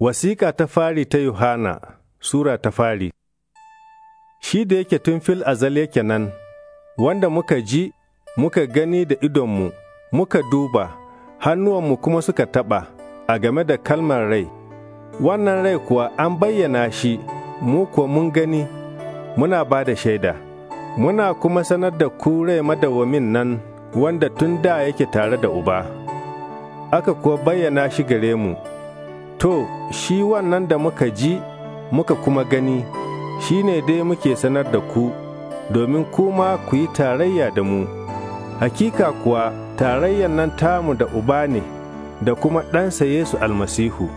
Wasiƙa ta fari ta Yohana Sura ta fari Shi da yake tun fil azal yake nan, wanda muka ji, muka gani da idonmu, muka duba, hannuwanmu kuma suka taɓa a game da kalmar rai, wannan rai kuwa an bayyana shi, mu kuwa mun gani, muna ba da shaida, muna kuma sanar da ku rai madawamin nan wanda tun da yake tare da uba, aka kuwa bayyana shi gare mu. To, shi wannan da muka ji muka kuma gani shi ne dai muke sanar da ku domin kuma ku yi tarayya da mu hakika kuwa tarayyan nan tamu da uba ne da kuma ɗansa yesu almasihu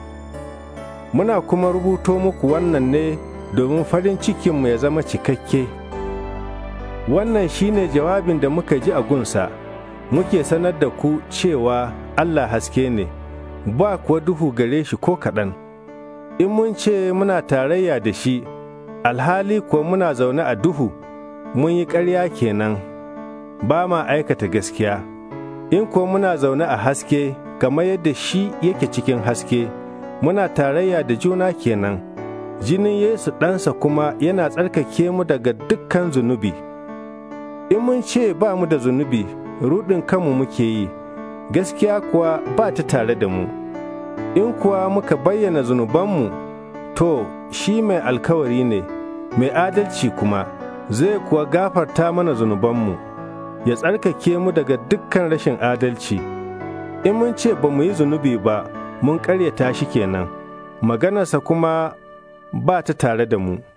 muna kuma rubuto muku wannan ne domin farin cikinmu ya zama cikakke wannan shine jawabin da muka ji a gunsa muke sanar da ku cewa allah haske ne ba kuwa duhu gare shi ko kaɗan in mun ce muna tarayya da shi alhali ko muna zaune a duhu mun yi ƙarya kenan ba ma aikata gaskiya in ko muna zaune a haske kamar yadda shi yake cikin haske muna tarayya da juna kenan jinin yesu ɗansa kuma yana tsarkake mu daga dukkan zunubi in mun ce ba mu da zunubi ruɗin kanmu muke yi gaskiya kuwa ba ta tare da mu. in kuwa muka bayyana zunubanmu to shi mai alkawari ne mai adalci kuma zai kuwa gafarta mana zunubanmu ya tsarkake mu daga dukkan rashin adalci in mun ce ba mu yi zunubi ba mun karyata shi kenan maganarsa kuma ba ta tare da mu